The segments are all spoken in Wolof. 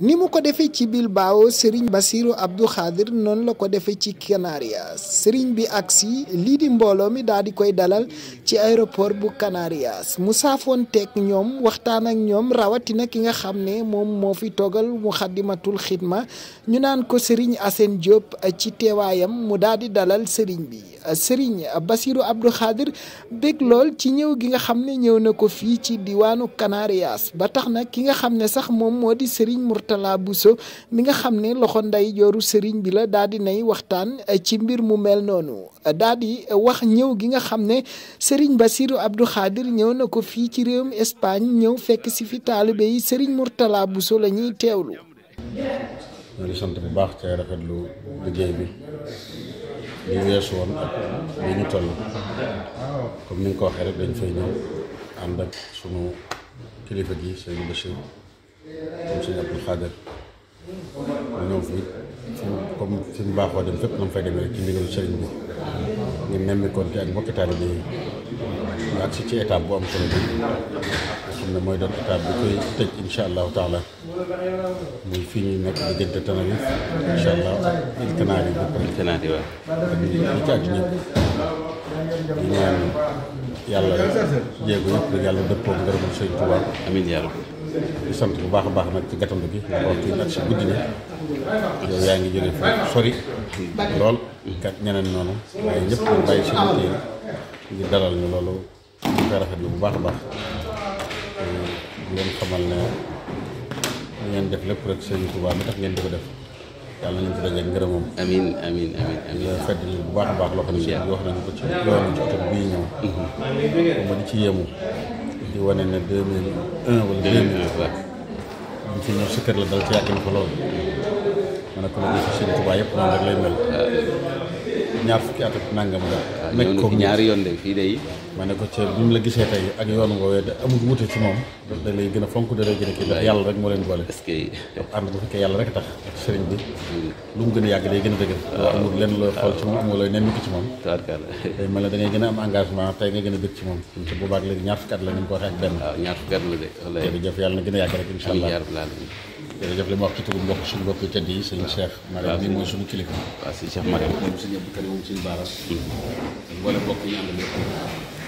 ni mu ko defee ci Bilbao Serigne Bassirou Abdou Khadir noonu la ko defee ci Canarias Serigne bi agsi lii di mbooloo mi daal di koy dalal ci aéroport bu Canarias mu saafoon teeg ñoom waxtaan ak ñoom rawatina ki nga xam ne moom moo fi toogal Muxaddamatul Xidma ñu naan ko Serigne Assane Diop ci teewaayam mu daal di dalal Serigne bi Serigne Bassirou Abdou Khadir ci ñëw gi nga xam ne ñëw na ko fii ci diwaanu Canarias ba tax na ki nga xam ne sax moom moo di Serigne Mourtada Murtala Bousso mi nga xam ne loxo nday jooru sëriñ bi la daa nay waxtaan eh, ci mbir mu mel noonu eh, daa eh, wax ñëw gi nga xam ne sëriñ Bassirou Abdou Khadir ñëw na ko fii ci réewum Espagne ñëw fekk si fi taalibe yi sëriñ Murtala Bousso la ñuy teewlu. comme ni nga ko waxee rek dañ fay ñëw ànd ak sunu kilifa gi sëñ Bachir moom sëñ Abdou Khader mu ñëw fii comme fi mu baaxoo dem fépp na mu fay demee rek ci ndigalu sëriñ bi ñu nemmikoon ci ak mbokki taalibe yi ñu agsi ci étape bu am solo bi mooy doon étape bi koy tëj incha allahu taala muy fii ñu nekk diggante Tenerife incha allah Îles Canaries bu Îles Canaries waaw ak ñi ci ak ñëpp ñu ñaan di sant bu baax a baax nag ci gàttandu gi nga wax ci ak si guddi gi yow yaa ngi jëlee fu sori lool kat ñeneen noonu waaye ñëpp ñu bàyyi si rafetlu bu baax a baax di leen xamal ne li ngeen def lépp rek sëñ Tuubaa mi tax ngeen di ko def yàlla nañu ko dajeeg ngërëmam. amiin amiin amiin amiin fedd bu baax a baax loo xam ne wax nañu ko ci loolu ci oto bii ñëw. Mhm. ma di ci yéemu. di wane ne deux mille un wala deux mille la fi ñëw si kër la dal ci yàgg na ko lool ma ne ko nag yëpp ñaar fukki at ak nangam nga. nekk ah, ko ñaari yoon de fii de yi. ko ca mu la gisee tey ak yoon woowee da amul wute moom. da lay gën a fonk da lay gën a kii ndax leen boole. est-ce que rek tax sëriñ hmm. lu mu gën a yàgg gën a dëgër. waaw ah. amul lenn looy xool ci moom amul looy nemmi tey ma gën a am engagement tey nga gën a bëgg ci moom. te boobaa ak léegi ñaar fukki at la ni mu ko waxee ak benn. waaw ah, ñaar fukki at la de. wallaahi jërëjëf yàlla jërëjëf li ma wax ci tugum mbokk suñu mbokk tedd yi sëñ Cheikh Mariam ni mooy suñu kilifa waaw sëñ Cheikh Mariam moom sëñ Abdou Karim moom sëñ Baara wala hmm. mbokk yi ànd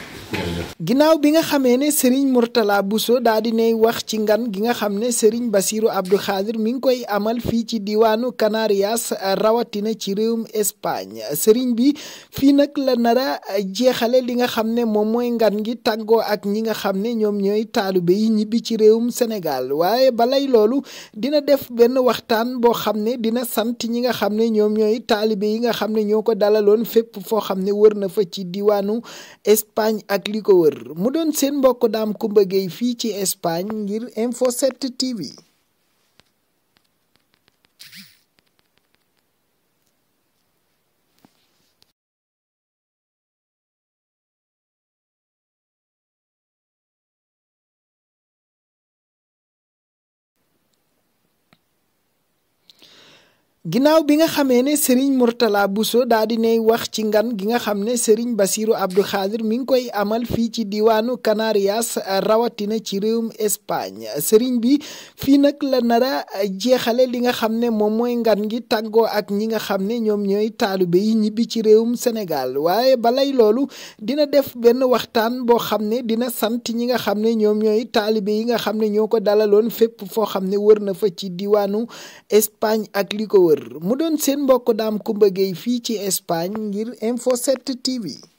ginnaaw bi nga xamee ne Serigne Mourtala Bousso daa di nay wax ci ngan gi nga xam ne Serigne Bassirou Abdou Khadir mi ngi koy amal fii ci diwaanu Canarias rawatina ci réewum Espagne sëriñ bi fii nag la nara jeexale li nga xam ne moom mooy ngan gi tàggoo ak ñi nga xam ne ñoom ñooy taalibe yi ñibbi ci réewum Sénégal waaye balay loolu dina def benn waxtaan boo xam ne dina sant ñi nga xam ne ñoom ñooy taalibe yi nga xam ne ñoo ko dalaloon fépp foo xam ne wër na fa ci diwaanu Espagne ak ak li ko wër mu doon seen mbokk daam Kumba Gueye fii ci Espagne ngir infoset 7 TV ginnaaw bi nga xamee ne Serigne Mourtala Bousso daa di nay wax ci ngan gi nga xam ne Serigne Bassirou Abdou Khadir mi ngi koy amal fii ci diwaanu Canarias rawatina ci réewum Espagne Serigne bi fii nag la nara jeexale li nga xam ne moom mooy ngan gi tàggoo ak ñi nga xam ne ñoom ñooy taalibe yi ñibbi ci réewum Sénégal waaye balay loolu dina def benn waxtaan boo xam ne dina sant ñi nga xam ne ñoom ñooy taalibe yi nga xam ne ñoo ko dalaloon fépp foo xam ne wër na fa ci diwaanu Espagne ak li mu doon seen mbokk daam Kumba Gueye fii ci Espagne ngir Info 7 TV.